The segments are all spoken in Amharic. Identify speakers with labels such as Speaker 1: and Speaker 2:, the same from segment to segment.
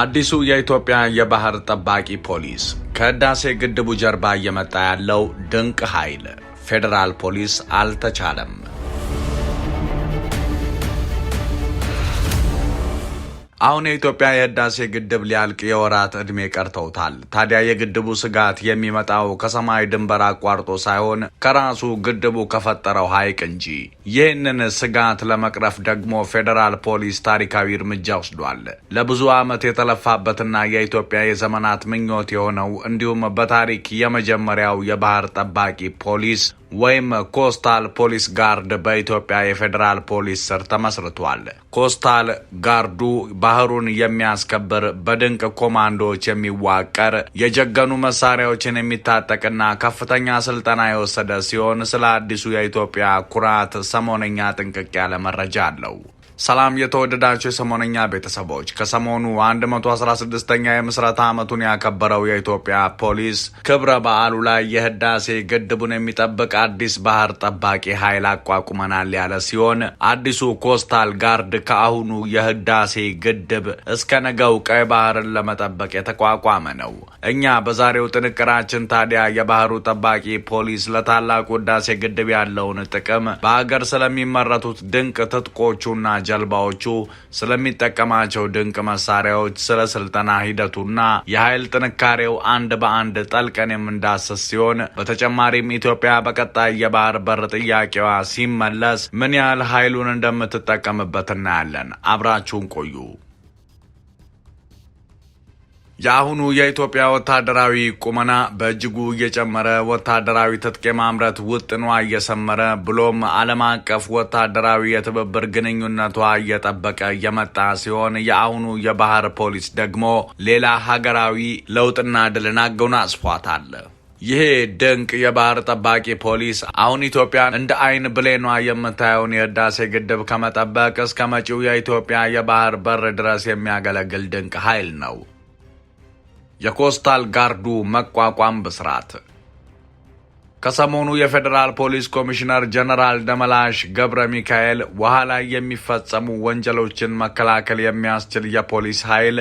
Speaker 1: አዲሱ የኢትዮጵያ የባህር ጠባቂ ፖሊስ ከህዳሴ ግድቡ ጀርባ እየመጣ ያለው ድንቅ ኃይል ፌዴራል ፖሊስ አልተቻለም። አሁን የኢትዮጵያ የህዳሴ ግድብ ሊያልቅ የወራት ዕድሜ ቀርተውታል። ታዲያ የግድቡ ስጋት የሚመጣው ከሰማይ ድንበር አቋርጦ ሳይሆን ከራሱ ግድቡ ከፈጠረው ሐይቅ እንጂ። ይህንን ስጋት ለመቅረፍ ደግሞ ፌዴራል ፖሊስ ታሪካዊ እርምጃ ወስዷል። ለብዙ ዓመት የተለፋበትና የኢትዮጵያ የዘመናት ምኞት የሆነው እንዲሁም በታሪክ የመጀመሪያው የባህር ጠባቂ ፖሊስ ወይም ኮስታል ፖሊስ ጋርድ በኢትዮጵያ የፌዴራል ፖሊስ ስር ተመስርቷል። ኮስታል ጋርዱ ባህሩን የሚያስከብር በድንቅ ኮማንዶዎች የሚዋቀር የጀገኑ መሳሪያዎችን የሚታጠቅና ከፍተኛ ስልጠና የወሰደ ሲሆን ስለ አዲሱ የኢትዮጵያ ኩራት ሰሞነኛ ጥንቅቅ ያለ መረጃ አለው። ሰላም የተወደዳቸው የሰሞነኛ ቤተሰቦች፣ ከሰሞኑ 116ኛ የምስረታ ዓመቱን ያከበረው የኢትዮጵያ ፖሊስ ክብረ በዓሉ ላይ የህዳሴ ግድቡን የሚጠብቅ አዲስ ባህር ጠባቂ ኃይል አቋቁመናል ያለ ሲሆን አዲሱ ኮስታል ጋርድ ከአሁኑ የህዳሴ ግድብ እስከ ነገው ቀይ ባህርን ለመጠበቅ የተቋቋመ ነው። እኛ በዛሬው ጥንቅራችን ታዲያ የባህሩ ጠባቂ ፖሊስ ለታላቁ ህዳሴ ግድብ ያለውን ጥቅም በሀገር ስለሚመረቱት ድንቅ ትጥቆቹና ጀልባዎቹ ስለሚጠቀማቸው ድንቅ መሳሪያዎች፣ ስለ ስልጠና ሂደቱና የኃይል ጥንካሬው አንድ በአንድ ጠልቀን የምንዳሰስ ሲሆን በተጨማሪም ኢትዮጵያ በቀጣይ የባህር በር ጥያቄዋ ሲመለስ ምን ያህል ኃይሉን እንደምትጠቀምበት እናያለን። አብራችሁን ቆዩ። የአሁኑ የኢትዮጵያ ወታደራዊ ቁመና በእጅጉ እየጨመረ ወታደራዊ ትጥቅ የማምረት ውጥኗ እየሰመረ ብሎም ዓለም አቀፍ ወታደራዊ የትብብር ግንኙነቷ እየጠበቀ የመጣ ሲሆን የአሁኑ የባህር ፖሊስ ደግሞ ሌላ ሀገራዊ ለውጥና ድልን አጎናጽፏታል። ይሄ ድንቅ የባህር ጠባቂ ፖሊስ አሁን ኢትዮጵያን እንደ አይን ብሌኗ የምታየውን የህዳሴ ግድብ ከመጠበቅ እስከ መጪው የኢትዮጵያ የባህር በር ድረስ የሚያገለግል ድንቅ ኃይል ነው። የኮስታል ጋርዱ መቋቋም ብስራት ከሰሞኑ የፌዴራል ፖሊስ ኮሚሽነር ጀነራል ደመላሽ ገብረ ሚካኤል ውሃ ላይ የሚፈጸሙ ወንጀሎችን መከላከል የሚያስችል የፖሊስ ኃይል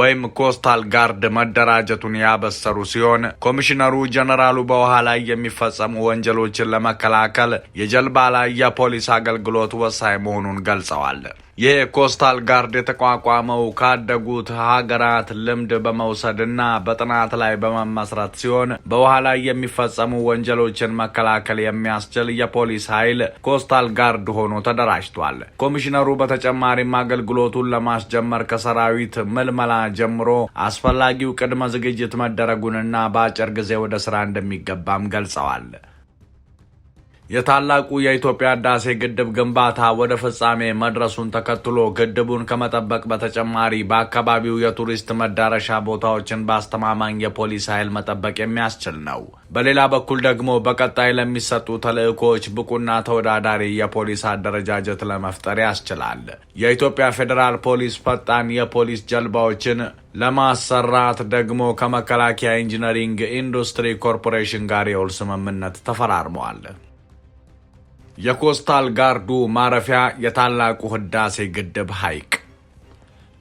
Speaker 1: ወይም ኮስታል ጋርድ መደራጀቱን ያበሰሩ ሲሆን ኮሚሽነሩ ጀነራሉ በውሃ ላይ የሚፈጸሙ ወንጀሎችን ለመከላከል የጀልባ ላይ የፖሊስ አገልግሎት ወሳኝ መሆኑን ገልጸዋል። የኮስታል ጋርድ የተቋቋመው ካደጉት ሀገራት ልምድ በመውሰድና በጥናት ላይ በመመስረት ሲሆን በውሃ ላይ የሚፈጸሙ ወንጀሎችን መከላከል የሚያስችል የፖሊስ ኃይል ኮስታል ጋርድ ሆኖ ተደራጅቷል። ኮሚሽነሩ በተጨማሪም አገልግሎቱን ለማስጀመር ከሰራዊት ምልመላ ጀምሮ አስፈላጊው ቅድመ ዝግጅት መደረጉንና በአጭር ጊዜ ወደ ስራ እንደሚገባም ገልጸዋል። የታላቁ የኢትዮጵያ ህዳሴ ግድብ ግንባታ ወደ ፍጻሜ መድረሱን ተከትሎ ግድቡን ከመጠበቅ በተጨማሪ በአካባቢው የቱሪስት መዳረሻ ቦታዎችን በአስተማማኝ የፖሊስ ኃይል መጠበቅ የሚያስችል ነው። በሌላ በኩል ደግሞ በቀጣይ ለሚሰጡ ተልዕኮዎች ብቁና ተወዳዳሪ የፖሊስ አደረጃጀት ለመፍጠር ያስችላል። የኢትዮጵያ ፌዴራል ፖሊስ ፈጣን የፖሊስ ጀልባዎችን ለማሰራት ደግሞ ከመከላከያ ኢንጂነሪንግ ኢንዱስትሪ ኮርፖሬሽን ጋር የውል ስምምነት ተፈራርመዋል። የኮስታል ጋርዱ ማረፊያ የታላቁ ህዳሴ ግድብ ሐይቅ።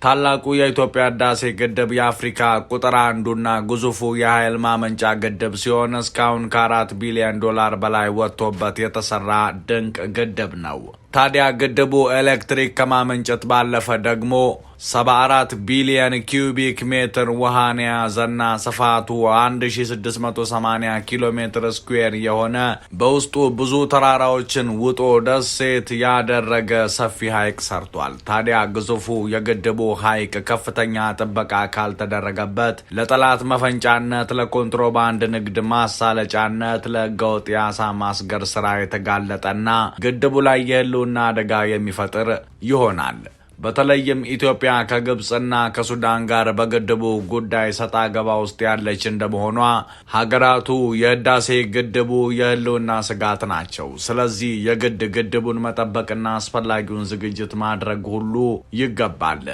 Speaker 1: ታላቁ የኢትዮጵያ ህዳሴ ግድብ የአፍሪካ ቁጥር አንዱና ግዙፉ የኃይል ማመንጫ ግድብ ሲሆን እስካሁን ከአራት ቢሊዮን ዶላር በላይ ወጥቶበት የተሰራ ድንቅ ግድብ ነው። ታዲያ ግድቡ ኤሌክትሪክ ከማመንጨት ባለፈ ደግሞ 74 ቢሊየን ኪዩቢክ ሜትር ውሃን የያዘና ስፋቱ 1680 ኪሎ ሜትር ስኩዌር የሆነ በውስጡ ብዙ ተራራዎችን ውጦ ደሴት ያደረገ ሰፊ ሐይቅ ሰርቷል። ታዲያ ግዙፉ የግድቡ ሐይቅ ከፍተኛ ጥበቃ ካልተደረገበት ለጠላት መፈንጫነት፣ ለኮንትሮባንድ ንግድ ማሳለጫነት፣ ለህገወጥ የአሳ ማስገር ስራ የተጋለጠና ግድቡ ላይ የህልው የህልውና አደጋ የሚፈጥር ይሆናል። በተለይም ኢትዮጵያ ከግብፅና ከሱዳን ጋር በግድቡ ጉዳይ ሰጣ ገባ ውስጥ ያለች እንደመሆኗ ሀገራቱ የህዳሴ ግድቡ የህልውና ስጋት ናቸው። ስለዚህ የግድ ግድቡን መጠበቅና አስፈላጊውን ዝግጅት ማድረግ ሁሉ ይገባል።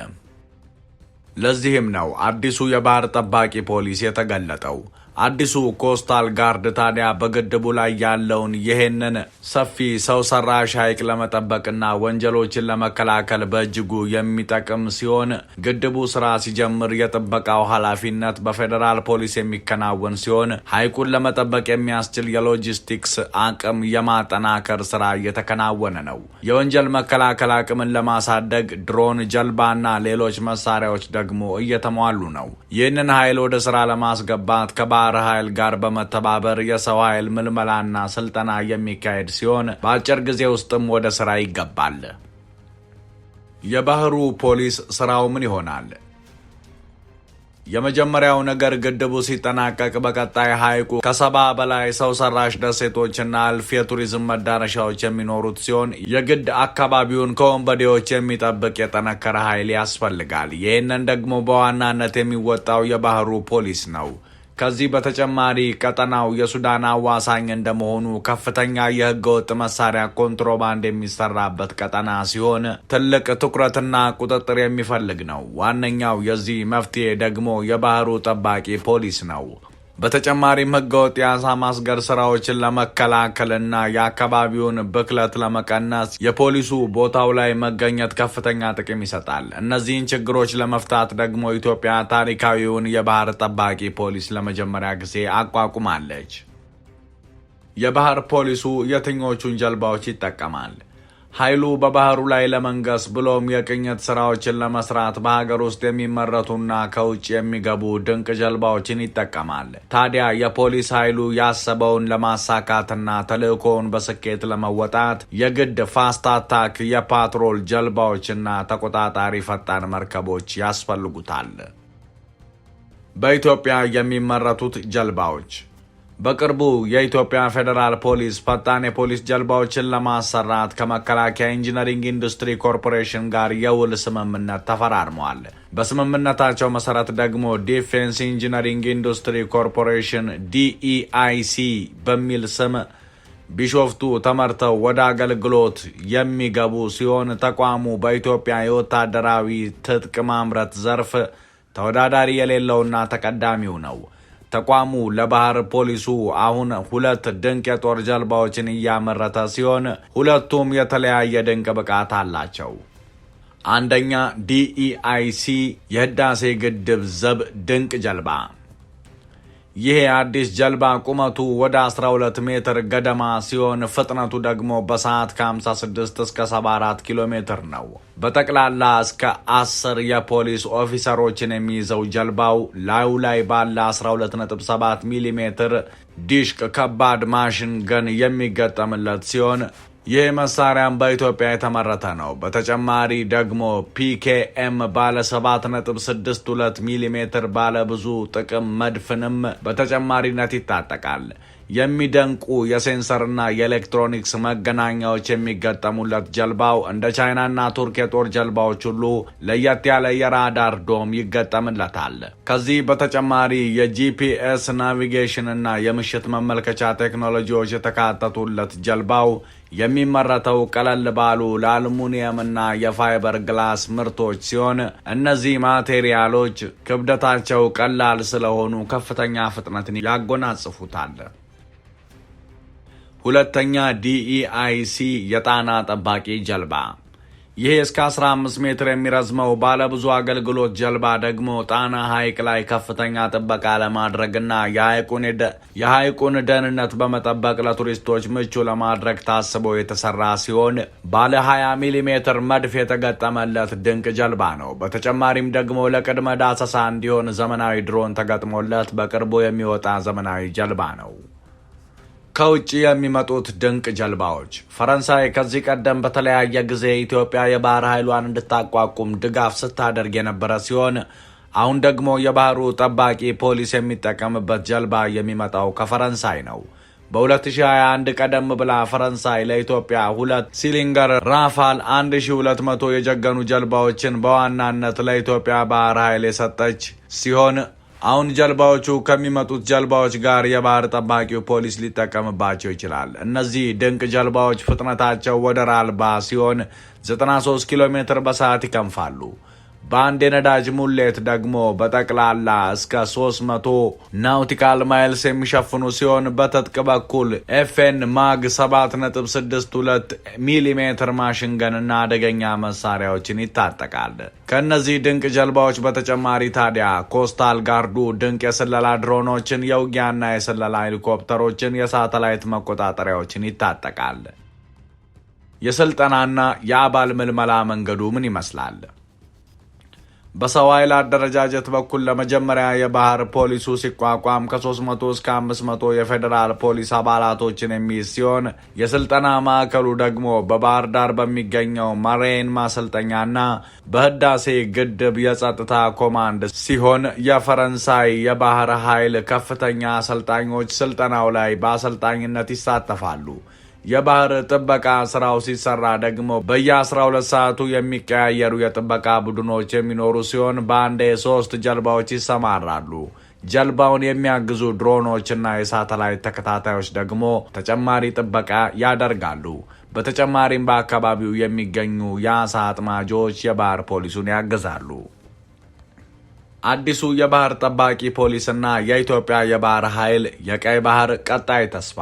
Speaker 1: ለዚህም ነው አዲሱ የባህር ጠባቂ ፖሊስ የተገለጠው። አዲሱ ኮስታል ጋርድ ታዲያ በግድቡ ላይ ያለውን ይህንን ሰፊ ሰው ሰራሽ ሐይቅ ለመጠበቅና ወንጀሎችን ለመከላከል በእጅጉ የሚጠቅም ሲሆን ግድቡ ስራ ሲጀምር የጥበቃው ኃላፊነት በፌዴራል ፖሊስ የሚከናወን ሲሆን ሐይቁን ለመጠበቅ የሚያስችል የሎጂስቲክስ አቅም የማጠናከር ስራ እየተከናወነ ነው። የወንጀል መከላከል አቅምን ለማሳደግ ድሮን፣ ጀልባና ሌሎች መሳሪያዎች ደግሞ እየተሟሉ ነው። ይህንን ኃይል ወደ ስራ ለማስገባት ከባ ከባህር ኃይል ጋር በመተባበር የሰው ኃይል ምልመላና ስልጠና የሚካሄድ ሲሆን በአጭር ጊዜ ውስጥም ወደ ስራ ይገባል። የባህሩ ፖሊስ ስራው ምን ይሆናል? የመጀመሪያው ነገር ግድቡ ሲጠናቀቅ በቀጣይ ሐይቁ ከሰባ በላይ ሰው ሰራሽ ደሴቶችና እልፍ የቱሪዝም መዳረሻዎች የሚኖሩት ሲሆን የግድ አካባቢውን ከወንበዴዎች የሚጠብቅ የጠነከረ ኃይል ያስፈልጋል። ይህንን ደግሞ በዋናነት የሚወጣው የባህሩ ፖሊስ ነው። ከዚህ በተጨማሪ ቀጠናው የሱዳን አዋሳኝ እንደመሆኑ ከፍተኛ የህገወጥ መሳሪያ ኮንትሮባንድ የሚሰራበት ቀጠና ሲሆን ትልቅ ትኩረትና ቁጥጥር የሚፈልግ ነው። ዋነኛው የዚህ መፍትሄ ደግሞ የባህሩ ጠባቂ ፖሊስ ነው። በተጨማሪም ህገወጥ የአሳ ማስገር ስራዎችን ለመከላከልና የአካባቢውን ብክለት ለመቀነስ የፖሊሱ ቦታው ላይ መገኘት ከፍተኛ ጥቅም ይሰጣል። እነዚህን ችግሮች ለመፍታት ደግሞ ኢትዮጵያ ታሪካዊውን የባህር ጠባቂ ፖሊስ ለመጀመሪያ ጊዜ አቋቁማለች። የባህር ፖሊሱ የትኞቹን ጀልባዎች ይጠቀማል? ኃይሉ በባህሩ ላይ ለመንገስ ብሎም የቅኝት ስራዎችን ለመስራት በሀገር ውስጥ የሚመረቱና ከውጭ የሚገቡ ድንቅ ጀልባዎችን ይጠቀማል። ታዲያ የፖሊስ ኃይሉ ያሰበውን ለማሳካትና ተልእኮውን በስኬት ለመወጣት የግድ ፋስት አታክ የፓትሮል ጀልባዎችና ተቆጣጣሪ ፈጣን መርከቦች ያስፈልጉታል። በኢትዮጵያ የሚመረቱት ጀልባዎች በቅርቡ የኢትዮጵያ ፌዴራል ፖሊስ ፈጣን የፖሊስ ጀልባዎችን ለማሰራት ከመከላከያ ኢንጂነሪንግ ኢንዱስትሪ ኮርፖሬሽን ጋር የውል ስምምነት ተፈራርመዋል። በስምምነታቸው መሰረት ደግሞ ዲፌንስ ኢንጂነሪንግ ኢንዱስትሪ ኮርፖሬሽን ዲኢአይሲ በሚል ስም ቢሾፍቱ ተመርተው ወደ አገልግሎት የሚገቡ ሲሆን ተቋሙ በኢትዮጵያ የወታደራዊ ትጥቅ ማምረት ዘርፍ ተወዳዳሪ የሌለውና ተቀዳሚው ነው። ተቋሙ ለባህር ፖሊሱ አሁን ሁለት ድንቅ የጦር ጀልባዎችን እያመረተ ሲሆን ሁለቱም የተለያየ ድንቅ ብቃት አላቸው። አንደኛ ዲኢአይሲ የህዳሴ ግድብ ዘብ ድንቅ ጀልባ ይሄ አዲስ ጀልባ ቁመቱ ወደ 12 ሜትር ገደማ ሲሆን ፍጥነቱ ደግሞ በሰዓት ከ56 እስከ 74 ኪሎ ሜትር ነው። በጠቅላላ እስከ 10 የፖሊስ ኦፊሰሮችን የሚይዘው ጀልባው ላዩ ላይ ባለ 127 ሚሊ ሜትር ዲሽቅ ከባድ ማሽን ገን የሚገጠምለት ሲሆን ይህ መሳሪያም በኢትዮጵያ የተመረተ ነው። በተጨማሪ ደግሞ ፒኬኤም ባለ 7.62 ሚሜ ባለ ብዙ ጥቅም መድፍንም በተጨማሪነት ይታጠቃል። የሚደንቁ የሴንሰርና የኤሌክትሮኒክስ መገናኛዎች የሚገጠሙለት ጀልባው እንደ ቻይናና ቱርክ የጦር ጀልባዎች ሁሉ ለየት ያለ የራዳር ዶም ይገጠምለታል። ከዚህ በተጨማሪ የጂፒኤስ ናቪጌሽንና የምሽት መመልከቻ ቴክኖሎጂዎች የተካተቱለት ጀልባው የሚመረተው ቀለል ባሉ ለአልሙኒየምና የፋይበር ግላስ ምርቶች ሲሆን እነዚህ ማቴሪያሎች ክብደታቸው ቀላል ስለሆኑ ከፍተኛ ፍጥነትን ያጎናጽፉታል። ሁለተኛ ዲኢአይሲ የጣና ጠባቂ ጀልባ ይህ እስከ 15 ሜትር የሚረዝመው ባለብዙ አገልግሎት ጀልባ ደግሞ ጣና ሐይቅ ላይ ከፍተኛ ጥበቃ ለማድረግና የሐይቁን ደህንነት በመጠበቅ ለቱሪስቶች ምቹ ለማድረግ ታስቦ የተሰራ ሲሆን ባለ 20 ሚሊ ሜትር መድፍ የተገጠመለት ድንቅ ጀልባ ነው። በተጨማሪም ደግሞ ለቅድመ ዳሰሳ እንዲሆን ዘመናዊ ድሮን ተገጥሞለት በቅርቡ የሚወጣ ዘመናዊ ጀልባ ነው። ከውጭ የሚመጡት ድንቅ ጀልባዎች። ፈረንሳይ ከዚህ ቀደም በተለያየ ጊዜ ኢትዮጵያ የባህር ኃይሏን እንድታቋቁም ድጋፍ ስታደርግ የነበረ ሲሆን አሁን ደግሞ የባህሩ ጠባቂ ፖሊስ የሚጠቀምበት ጀልባ የሚመጣው ከፈረንሳይ ነው። በ2021 ቀደም ብላ ፈረንሳይ ለኢትዮጵያ ሁለት ሲሊንገር ራፋል 1200 የጀገኑ ጀልባዎችን በዋናነት ለኢትዮጵያ ባህር ኃይል የሰጠች ሲሆን አሁን ጀልባዎቹ ከሚመጡት ጀልባዎች ጋር የባህር ጠባቂው ፖሊስ ሊጠቀምባቸው ይችላል። እነዚህ ድንቅ ጀልባዎች ፍጥነታቸው ወደር አልባ ሲሆን 93 ኪሎ ሜትር በሰዓት ይከንፋሉ። በአንድ የነዳጅ ሙሌት ደግሞ በጠቅላላ እስከ 300 ናውቲካል ማይልስ የሚሸፍኑ ሲሆን በትጥቅ በኩል ኤፍኤን ማግ 7.62 ሚሊሜትር ማሽንገንና አደገኛ መሳሪያዎችን ይታጠቃል። ከእነዚህ ድንቅ ጀልባዎች በተጨማሪ ታዲያ ኮስታል ጋርዱ ድንቅ የስለላ ድሮኖችን፣ የውጊያና የስለላ ሄሊኮፕተሮችን፣ የሳተላይት መቆጣጠሪያዎችን ይታጠቃል። የስልጠናና የአባል ምልመላ መንገዱ ምን ይመስላል? በሰው ኃይል አደረጃጀት በኩል ለመጀመሪያ የባህር ፖሊሱ ሲቋቋም ከ300 እስከ 500 የፌዴራል ፖሊስ አባላቶችን የሚይዝ ሲሆን የስልጠና ማዕከሉ ደግሞ በባህር ዳር በሚገኘው መሬን ማሰልጠኛና በህዳሴ ግድብ የጸጥታ ኮማንድ ሲሆን የፈረንሳይ የባህር ኃይል ከፍተኛ አሰልጣኞች ስልጠናው ላይ በአሰልጣኝነት ይሳተፋሉ። የባህር ጥበቃ ስራው ሲሰራ ደግሞ በየ12 ሰዓቱ የሚቀያየሩ የጥበቃ ቡድኖች የሚኖሩ ሲሆን በአንድ ሶስት ጀልባዎች ይሰማራሉ። ጀልባውን የሚያግዙ ድሮኖችና የሳተላይት ተከታታዮች ደግሞ ተጨማሪ ጥበቃ ያደርጋሉ። በተጨማሪም በአካባቢው የሚገኙ የአሳ አጥማጆች የባህር ፖሊሱን ያግዛሉ። አዲሱ የባህር ጠባቂ ፖሊስና የኢትዮጵያ የባህር ኃይል የቀይ ባህር ቀጣይ ተስፋ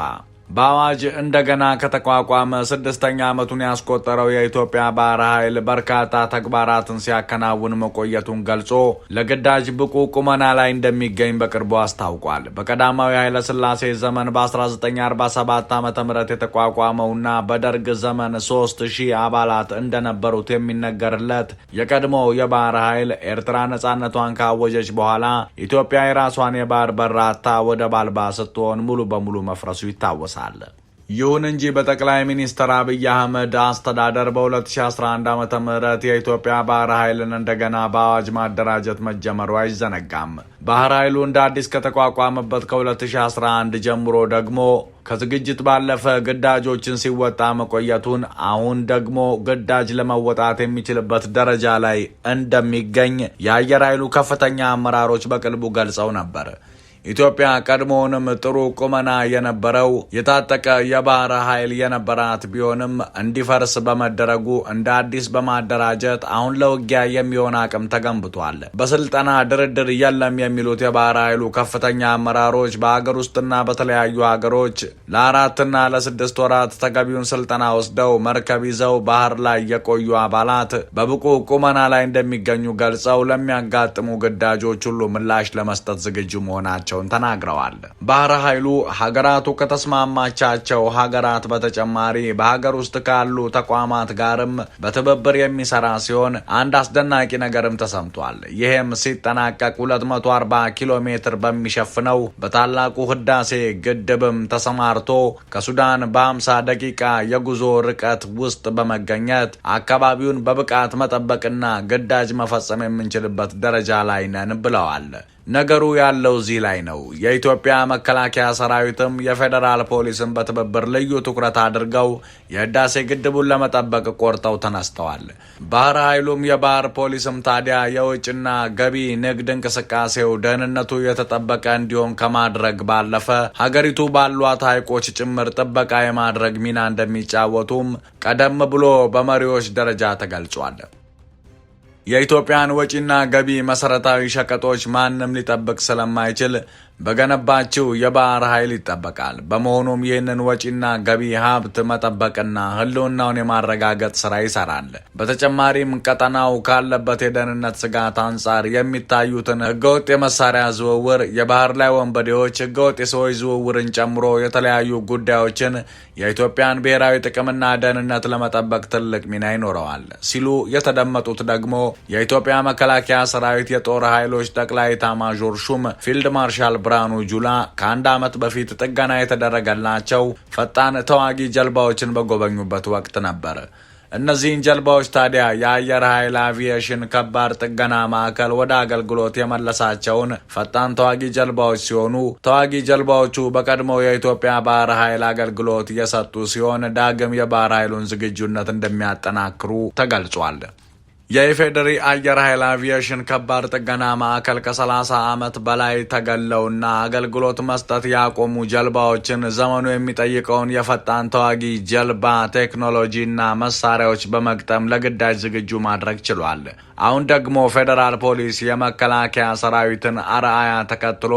Speaker 1: በአዋጅ እንደገና ከተቋቋመ ስድስተኛ ዓመቱን ያስቆጠረው የኢትዮጵያ ባህር ኃይል በርካታ ተግባራትን ሲያከናውን መቆየቱን ገልጾ ለግዳጅ ብቁ ቁመና ላይ እንደሚገኝ በቅርቡ አስታውቋል። በቀዳማዊ ኃይለሥላሴ ዘመን በ1947 ዓ ም የተቋቋመውና በደርግ ዘመን 3000 አባላት እንደነበሩት የሚነገርለት የቀድሞው የባህር ኃይል ኤርትራ ነፃነቷን ካወጀች በኋላ ኢትዮጵያ የራሷን የባህር በራታ ወደ ወደብ አልባ ስትሆን ሙሉ በሙሉ መፍረሱ ይታወሳል። አለ። ይሁን እንጂ በጠቅላይ ሚኒስትር አብይ አህመድ አስተዳደር በ2011 ዓ ም የኢትዮጵያ ባህር ኃይልን እንደገና በአዋጅ ማደራጀት መጀመሩ አይዘነጋም። ባህር ኃይሉ እንደ አዲስ ከተቋቋመበት ከ2011 ጀምሮ ደግሞ ከዝግጅት ባለፈ ግዳጆችን ሲወጣ መቆየቱን አሁን ደግሞ ግዳጅ ለመወጣት የሚችልበት ደረጃ ላይ እንደሚገኝ የአየር ኃይሉ ከፍተኛ አመራሮች በቅርቡ ገልጸው ነበር። ኢትዮጵያ ቀድሞውንም ጥሩ ቁመና የነበረው የታጠቀ የባህር ኃይል የነበራት ቢሆንም እንዲፈርስ በመደረጉ እንደ አዲስ በማደራጀት አሁን ለውጊያ የሚሆን አቅም ተገንብቷል። በስልጠና ድርድር የለም የሚሉት የባህር ኃይሉ ከፍተኛ አመራሮች በአገር ውስጥና በተለያዩ ሀገሮች ለአራትና ለስድስት ወራት ተገቢውን ስልጠና ወስደው መርከብ ይዘው ባህር ላይ የቆዩ አባላት በብቁ ቁመና ላይ እንደሚገኙ ገልጸው ለሚያጋጥሙ ግዳጆች ሁሉ ምላሽ ለመስጠት ዝግጁ መሆናቸው መሆናቸውን ተናግረዋል። ባህረ ኃይሉ ሀገራቱ ከተስማማቻቸው ሀገራት በተጨማሪ በሀገር ውስጥ ካሉ ተቋማት ጋርም በትብብር የሚሰራ ሲሆን አንድ አስደናቂ ነገርም ተሰምቷል። ይህም ሲጠናቀቅ 240 ኪሎ ሜትር በሚሸፍነው በታላቁ ህዳሴ ግድብም ተሰማርቶ ከሱዳን በ50 ደቂቃ የጉዞ ርቀት ውስጥ በመገኘት አካባቢውን በብቃት መጠበቅና ግዳጅ መፈጸም የምንችልበት ደረጃ ላይ ነን ብለዋል። ነገሩ ያለው እዚህ ላይ ላይ ነው። የኢትዮጵያ መከላከያ ሰራዊትም የፌዴራል ፖሊስን በትብብር ልዩ ትኩረት አድርገው የህዳሴ ግድቡን ለመጠበቅ ቆርጠው ተነስተዋል። ባህር ኃይሉም የባህር ፖሊስም ታዲያ የውጭና ገቢ ንግድ እንቅስቃሴው ደህንነቱ የተጠበቀ እንዲሆን ከማድረግ ባለፈ ሀገሪቱ ባሏት ሐይቆች ጭምር ጥበቃ የማድረግ ሚና እንደሚጫወቱም ቀደም ብሎ በመሪዎች ደረጃ ተገልጿል። የኢትዮጵያን ወጪና ገቢ መሰረታዊ ሸቀጦች ማንም ሊጠብቅ ስለማይችል በገነባችው የባህር ኃይል ይጠበቃል። በመሆኑም ይህንን ወጪና ገቢ ሀብት መጠበቅና ህልውናውን የማረጋገጥ ስራ ይሰራል። በተጨማሪም ቀጠናው ካለበት የደህንነት ስጋት አንጻር የሚታዩትን ህገወጥ የመሳሪያ ዝውውር፣ የባህር ላይ ወንበዴዎች፣ ህገወጥ የሰዎች ዝውውርን ጨምሮ የተለያዩ ጉዳዮችን የኢትዮጵያን ብሔራዊ ጥቅምና ደህንነት ለመጠበቅ ትልቅ ሚና ይኖረዋል ሲሉ የተደመጡት ደግሞ የኢትዮጵያ መከላከያ ሰራዊት የጦር ኃይሎች ጠቅላይ ኤታማዦር ሹም ፊልድ ማርሻል ብርሃኑ ጁላ ከአንድ ዓመት በፊት ጥገና የተደረገላቸው ፈጣን ተዋጊ ጀልባዎችን በጎበኙበት ወቅት ነበር። እነዚህን ጀልባዎች ታዲያ የአየር ኃይል አቪየሽን ከባድ ጥገና ማዕከል ወደ አገልግሎት የመለሳቸውን ፈጣን ተዋጊ ጀልባዎች ሲሆኑ ተዋጊ ጀልባዎቹ በቀድሞው የኢትዮጵያ ባህር ኃይል አገልግሎት እየሰጡ ሲሆን ዳግም የባህር ኃይሉን ዝግጁነት እንደሚያጠናክሩ ተገልጿል። የኢፌዴሪ አየር ኃይል አቪዬሽን ከባድ ጥገና ማዕከል ከ30 ዓመት በላይ ተገለውና አገልግሎት መስጠት ያቆሙ ጀልባዎችን ዘመኑ የሚጠይቀውን የፈጣን ተዋጊ ጀልባ ቴክኖሎጂና መሳሪያዎች በመግጠም ለግዳጅ ዝግጁ ማድረግ ችሏል። አሁን ደግሞ ፌዴራል ፖሊስ የመከላከያ ሰራዊትን አርአያ ተከትሎ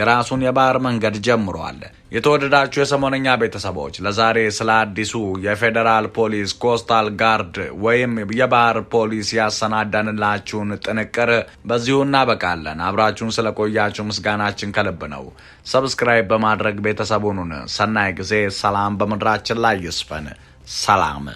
Speaker 1: የራሱን የባህር መንገድ ጀምሯል። የተወደዳችሁ የሰሞነኛ ቤተሰቦች ለዛሬ ስለ አዲሱ የፌዴራል ፖሊስ ኮስታል ጋርድ ወይም የባህር ፖሊስ ያሰናዳንላችሁን ጥንቅር በዚሁ እናበቃለን። አብራችሁን ስለቆያችሁ ምስጋናችን ከልብ ነው። ሰብስክራይብ በማድረግ ቤተሰቡኑን ሰናይ ጊዜ። ሰላም በምድራችን ላይ ይስፈን። ሰላም